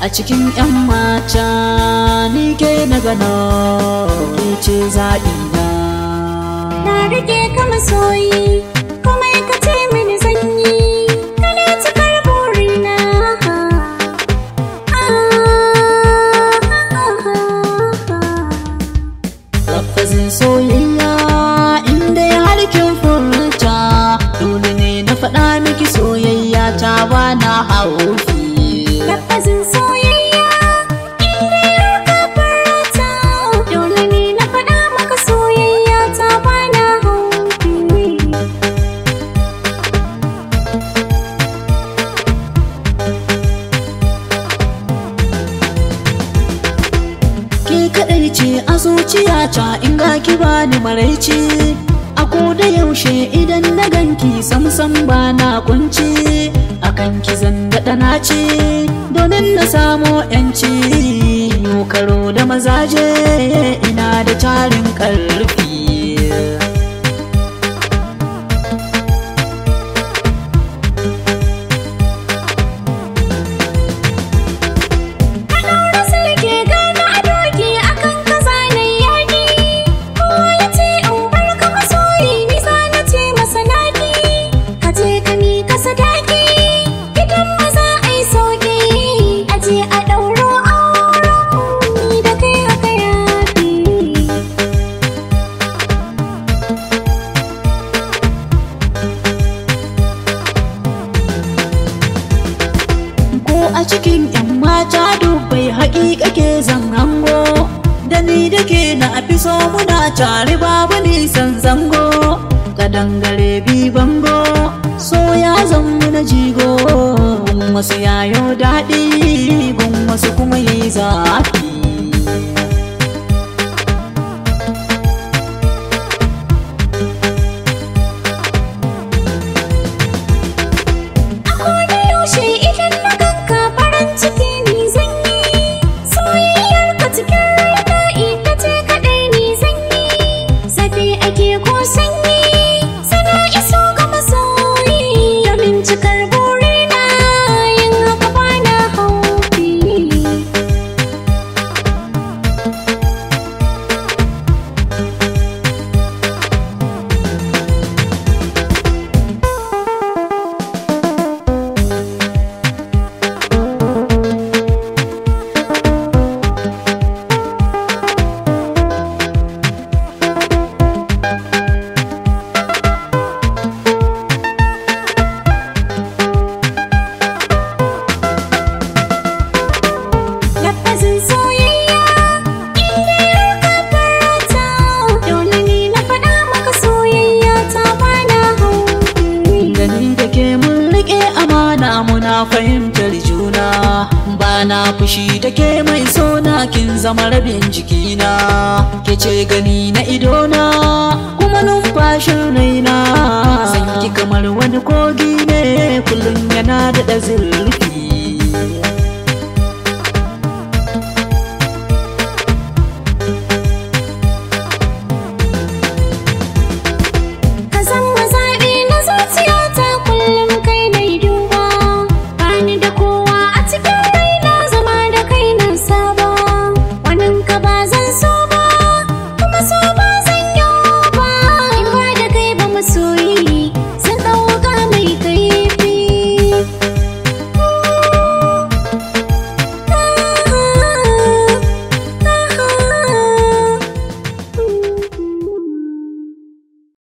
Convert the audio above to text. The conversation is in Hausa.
a cikin 'yan mata ni ke na gano ni ce zaɓina na rike ka masoyi kaɗai ce a zuciyata in ga ki bani maraici a da yaushe idan na ganki samsam ba na kunci akan ki zan na ce domin na samo yanci Yo karo da mazaje ina da tarin ƙarfi cikin yan mata dubbai haƙiƙa ke zan hango da ni da ke na afi so muna tare babu nisan zango kadangare bi bango so ya zan na jigo wasu yayo daɗi gun wasu kuma yi zafi 是个人。fahimtar juna ba na fushi da ke mai sona kin zama rabin jikina ke ce gani na idona kuma numfashin raina sanki kamar wani kogi ne kullum yana da zirri